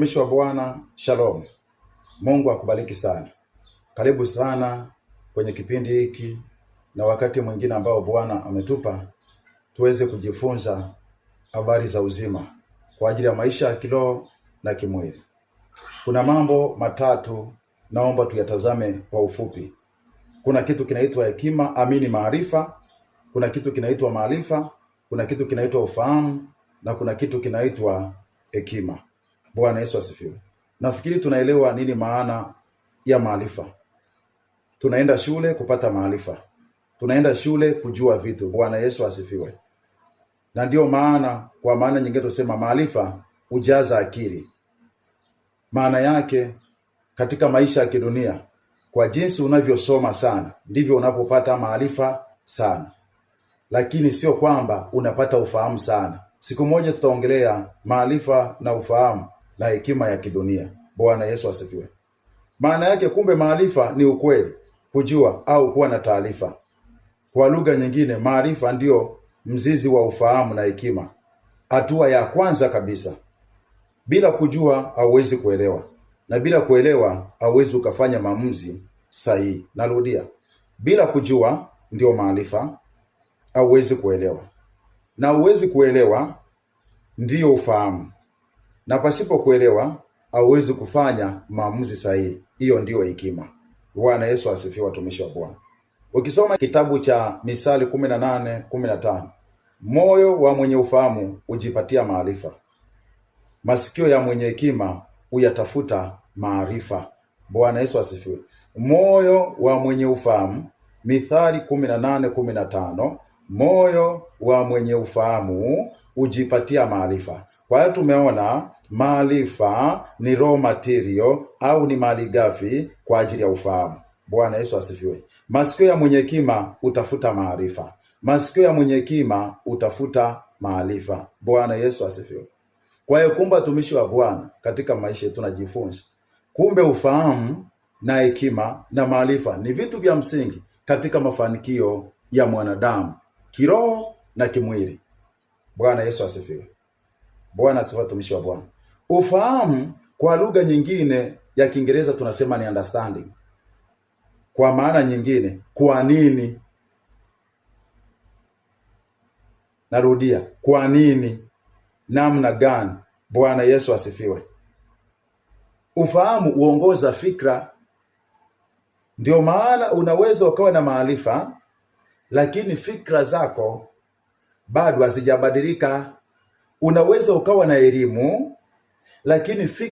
Mtumishi wa Bwana, shalom. Mungu akubariki sana, karibu sana kwenye kipindi hiki na wakati mwingine ambao Bwana ametupa tuweze kujifunza habari za uzima kwa ajili ya maisha ya kiroho na kimwili. Kuna mambo matatu naomba tuyatazame kwa ufupi. Kuna kitu kinaitwa hekima, amini maarifa, kuna kitu kinaitwa maarifa, kuna kitu kinaitwa ufahamu na kuna kitu kinaitwa hekima. Bwana Yesu asifiwe. Nafikiri tunaelewa nini maana ya maarifa. Tunaenda shule kupata maarifa, tunaenda shule kujua vitu. Bwana Yesu asifiwe. Na ndiyo maana, kwa maana nyingine tusema maarifa hujaza akili. Maana yake katika maisha ya kidunia, kwa jinsi unavyosoma sana ndivyo unapopata maarifa sana, lakini sio kwamba unapata ufahamu sana. Siku moja tutaongelea maarifa na ufahamu la hekima ya kidunia. Bwana Yesu asifiwe. Maana yake kumbe, maarifa ni ukweli, kujua au kuwa na taarifa. Kwa lugha nyingine, maarifa ndiyo mzizi wa ufahamu na hekima, hatua ya kwanza kabisa. Bila kujua hauwezi kuelewa, na bila kuelewa hauwezi ukafanya maamuzi sahihi. Narudia, bila kujua ndiyo maarifa, hauwezi kuelewa, na huwezi kuelewa ndiyo ufahamu na pasipo kuelewa hauwezi kufanya maamuzi sahihi. Hiyo ndiyo hekima. Bwana Yesu asifiwe, watumishi wa Bwana. Ukisoma kitabu cha Misali kumi na nane kumi na tano moyo wa mwenye ufahamu hujipatia maarifa, masikio ya mwenye hekima huyatafuta maarifa. Bwana Yesu asifiwe. Moyo wa mwenye ufahamu, Mithali kumi na nane kumi na tano moyo wa mwenye ufahamu hujipatia maarifa. Kwa hiyo tumeona maarifa ni raw material au ni mali ghafi kwa ajili ya ufahamu. Bwana Yesu asifiwe. Masikio ya mwenye hekima utafuta maarifa, masikio ya mwenye hekima utafuta maarifa. Bwana Yesu asifiwe. Kwa hiyo kumbe, watumishi wa Bwana katika maisha yetu tunajifunza kumbe, ufahamu na hekima na maarifa ni vitu vya msingi katika mafanikio ya mwanadamu kiroho na kimwili. Bwana Yesu asifiwe. Bwana asifiwe, watumishi wa Bwana. Ufahamu kwa lugha nyingine ya Kiingereza tunasema ni understanding. Kwa maana nyingine, kwa nini? Narudia, kwa nini? Namna gani? Bwana Yesu asifiwe. Ufahamu huongoza fikra, ndio maana unaweza ukawa na maarifa, lakini fikra zako bado hazijabadilika. Unaweza ukawa na elimu lakini